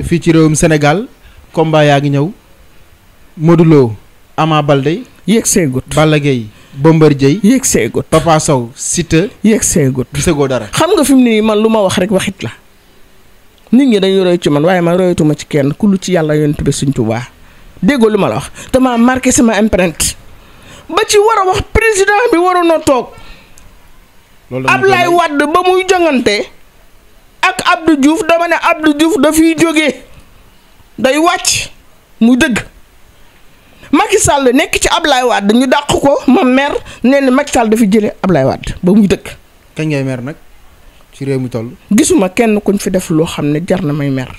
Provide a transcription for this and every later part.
fii ci réewum senegal combat yaa ngi ñëw Modou Lo Ama Baldé yéeg seegut Balla Gaye Bombardier yéeg seegut Papa Sow Siteu yéeg seegut gisagoo dara xam nga fi mu ne man lu ma wax rek waxit la nit ñi dañu roy ci man waaye man royatuma ci kenn ku ci yàlla yonent bi Sëñ Tuubaa déggoo lu ma la wax te maa sama empreinte ba ci war a wax président bi waroon a toog Ablaye Wade ba muy jongante ak Abdou Diouf dama ne Abdou Diouf dafiy jógee day wàcc muy dëgg Macky Sall nekk ci Ablaye Wade ñu dàq ko ma mer ne na Macky Sall dafi jëlee Ablaye Wade ba muy dëgg. kañ ngay mer nag ci réew mi toll. gisuma kenn kuñ fi def loo xam ne jar na may mer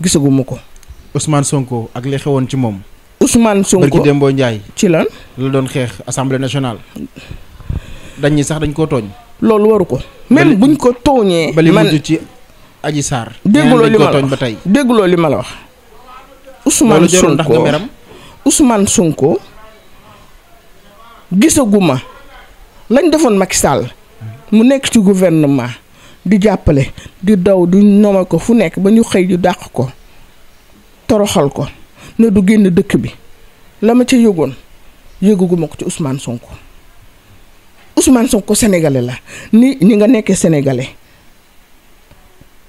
gisaguma ko. Ousmane Sonko ak li xewoon ci moom. Ousmane Sonko barki Dembo ci lan la doon xeex assemblée nationale. dañ ñi sax dañ koo tooñ. loolu waru ko. même buñ ko tooñee. ba li ci Adji Sarr. dégguloo li ma la wax dégguloo li ma la wax. Ousmane Sonko Ousmane Sonko gisaguma lañ defoon Macky Sall mu nekk ci gouvernement di jàppale di daw di nooma ko fu nekk ba ñu xëy di dàq ko toroxal ko ne du génn dëkk bi la ma ca yëgoon yëguguma ko ci Ousmane Sonko Ousmane Sonko sénégalais la ni ni nga nekkee sénégalais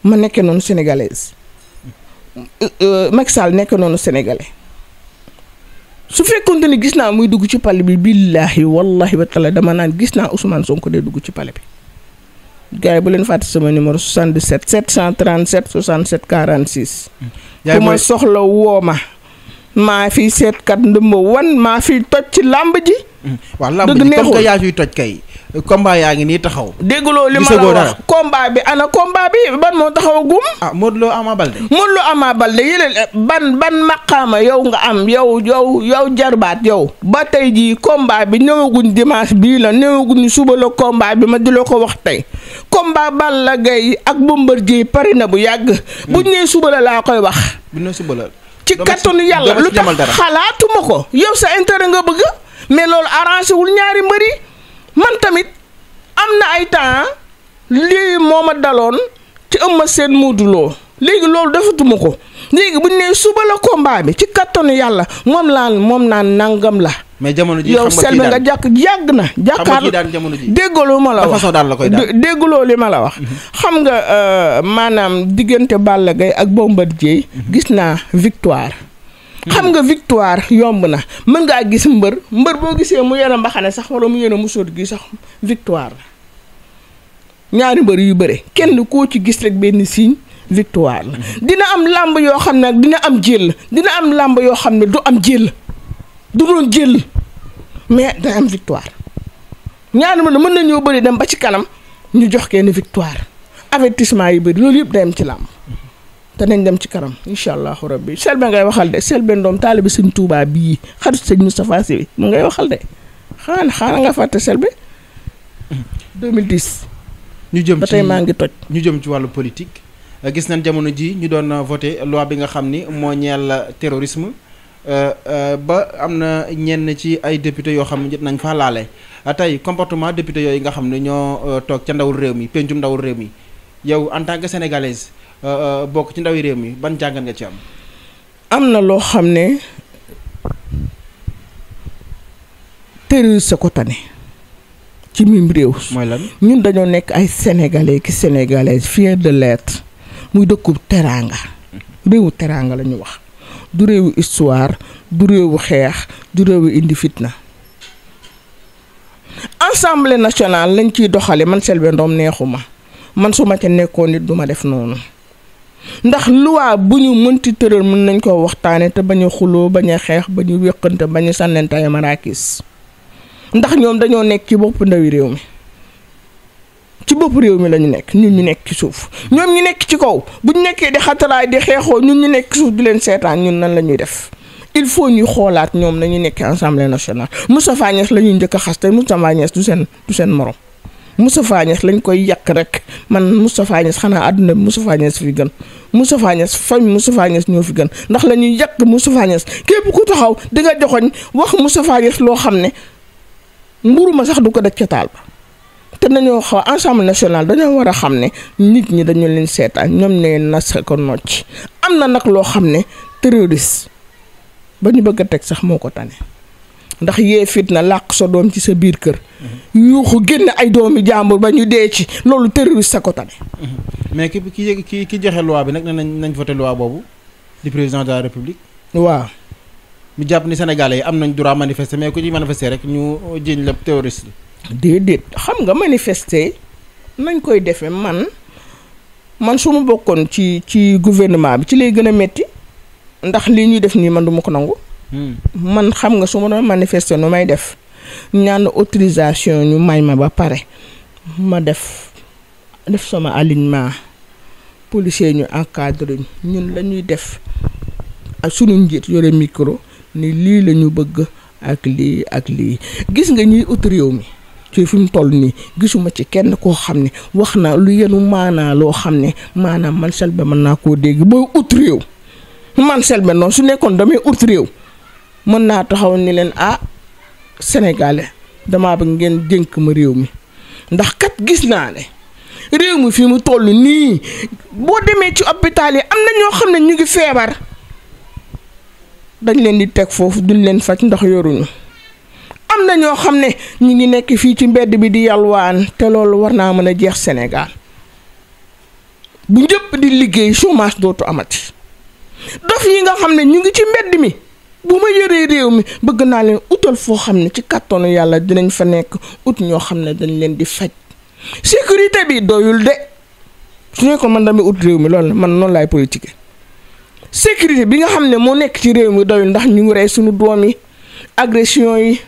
ma nekkee noonu sénégalaise euh, euh, Macky saal nekkee noonu sénégalais su fekkonte ni gis naa muy dugg ci pale bi billaahi wallahi wa taala dama naan gis naa Ousmane Sonko dee dugg ci pale bi gaa yi bu leen fàtte sama numéro 77 737 67 46. ku ma soxla woo ma. maa fi seetkat ndëmba wan maa fi toj ci làmb ji. Hmm. waaw làmb ji toj kay. combat yaa ngi nii taxaw. dégguloo li ma la wax combat bi ana combat bi ban moo taxaw gum. ah Modou Lo Ama Baldé. ban ban yow nga am yow yow yow jarbaat yow. ba tey ji combat bi ñëwaguñ dimanche bii la ñëwaguñ suba la combat bi ma di la ko wax tey combat Balla Gaye ak Bombardier pare na bu yàgg. Hmm. bu nee suba la laa koy wax. buñ nee suba ci kattanu yàlla lu tax xalaatuma ko yow sa intérêt nga bëgg mais loolu arrangé wul ñaari mbëri man tamit am na ay temps lii moo ma daloon ci ëmma seen muuduloo léegi loolu defatuma ko léegi bu nee suba la ko combat bi ci kattanu yàlla moom laa moom naa nangam la mais jamono ji yow selmi nga jàkk yàgg na. jàkkaarloo déggaloo ma la wax façon daan koy daan li ma la wax. Mhm. xam nga euh, maanaam diggante Balla Gaye ak Bombardier mhm. gis naa victoire. Mhm. xam nga victoire yomb na mën ngaa gis mbër mbër boo gisee mu yore mbaxane sax wala mu yore musóor gi sax victoire ñaari mbër yu bëre kenn koo ci gis rek benn signe victoire la dina am làmb yoo xam ne dina am jël dina am làmb yoo xam ne du am jël. du doon jël mais day am victoire ñaari mën na mën nañoo bëri dem ba ci kanam ñu jox kenn victoire avertissement yi bëri loolu yëpp day ci làmb te nañ dem ci kanam incha allahu rabbi Selbé ngay waxal de Selbé Ndom taalibi sëñ Tuubaa bii xarit sëñ Moustapha Sy mu ngay waxal de xaan xaana nga fàtte Selbé 2010. ñu jëm ba tey maa ngi toj. ñu jëm ci wàllu politique gis nañ jamono ji ñu doon voté loi bi nga xam ni moo la terrorisme. Euh, euh, ba am na ñenn ci ay député yoo xam ne jot nañ faa laale euh, tey comportement député yooyu nga xam ne ñoo toog ca ndawul réew mi pencum ndawul réew mi yow en tant que sénégalaise bokk ci ndawi réew mi ban jàngat nga ci am. am na loo xam ne terroriste ko tane ci mim réew. mooy lan ñun dañoo nekk ay sénégalais ki sénégalais fier de l'être muy dëkku teraanga mm-hmm. réewu teraanga la ñu wax. du réewu histoire du réewu xeex du réewu indi fitna assemblée nationale lañ ciy doxale man Selbé neexu ma man su ma ca nekkoon nit du ma def noonu ndax loi bu ñu mënti tëral mën nañ koo waxtaane te bañ xuloo bañ a xeex bañ a wéqante bañ a sànnante ay maraakis ndax ñoom dañoo nekk ci bopp ndawi réew mi bopp réew mi la ñu nekk ñun ñu nekk ci suuf ñoom ñu nekk ci kaw bu ñu nekkee di xatalaay di xeexoo ñun ñu nekk suuf di leen seetaan ñun nan la ñuy def il faut ñuy xoolaat ñoom nañu nekk assemblée nationale Moustapha Niass la ñuy njëkk a xas te Moustapha Niass du seen seen morom Moustapha Niass lañ koy yàq rek man Moustapha Niass xanaa àdduna bi Moustapha Niass fi gën Moustapha Niass fañ Moustapha Niass ñoo fi gën ndax lañuy ñuy yàq Moustapha Niass képp ku taxaw di nga joxoñ wax Moustapha Niass loo xam ne mburu ma sax du ko daj ca taal ba te dañoo xaw ensemble national dañoo war a xam ne nit ñi dañu leen seetaan ñoom ne nas ko nocc am na nag loo xam ne terroriste ba ñu bëgg a teg sax moo ko tane ndax yee fitna làq sa doom ci sa biir kër mm-hmm. yuuxu génn ay doomi jàmbur ba ñu dee ci loolu terroriste sa ko tane mm-hmm. mais ki ki ki ki joxe loi bi nag nañ nañ voté loi boobu di président de la république waaw mu jàpp ni sénégalais yi am nañ droit manifester mais ku ci manifester rek ñu jiñ la terroriste déedéet xam nga manifester nañ koy defee man man su ma bokkoon ci ci gouvernement bi ci lay gën a metti ndax lii ñuy def nii man du ma ko nangu. Hmm. man xam nga su ma doon manifester nu may def ñaan autorisation ñu may ma ba pare ma def def sama alignement policier ñu encadré ñun lañuy def ak sunu njiit yore micro ni lii la ñu bëgg ak lii ak lii gis nga ñuy ut réew mi. ci fi mu toll nii gisuma ci kenn koo xam ne wax naa lu yenu maanaa loo xam ne maanaam man Selbé mën naa koo dégg booy ut réew man Selbé noonu su nekkoon damay ut réew mën naa taxaw ni leen ah sénégalais damaa ba ngeen dénk ma réew mi ndax kat gis naa ne réew mi fi mu toll nii boo demee ci hôpital yi am na ñoo xam ne ñu ngi feebar dañ leen di teg foofu duñ leen faj ndax yoruñu am na ñoo xam ne ñu ngi nekk fii ci mbedd bi di yalwaan te loolu war naa mën a jeex senegaal bu njëpp di liggéey chômage dootu amati dox yi nga xam ne ñu ngi ci mbedd mi bu ma yoree réew mi bëgg naa leen utal foo xam ne ci kàttanu yàlla dinañ fa nekk ut ñoo xam ne dañ leen di faj sécurité bi doyul de su ko man damay ut réew mi loolu man noonu laay politique sécurité bi nga xam ne moo nekk ci réew mi doyul ndax ñu ngi rey suñu doom yi agression yi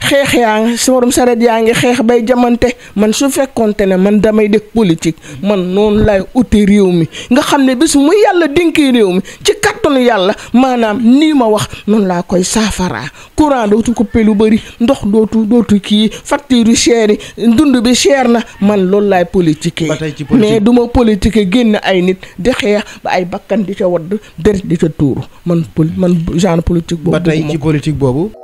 xeex yaa ngi si morom yaa ngi xeex bay jamante man su fekkonte ne man damay def politique man noonu lay uti réew mi nga xam ne bis mu yàlla dénkee réew mi ci kattanu yàlla maanaam nii ma wax noonu laa koy saafaraa courant dootu ko lu bëri ndox dootu dootu kii facture yu cher yi dund bi cher na man loolu laay politique mais duma ma politique génn ay nit dexee ba ay bakkan di ca wadd deret di ca tuuru man man genre politique boobu ba tey ci boobu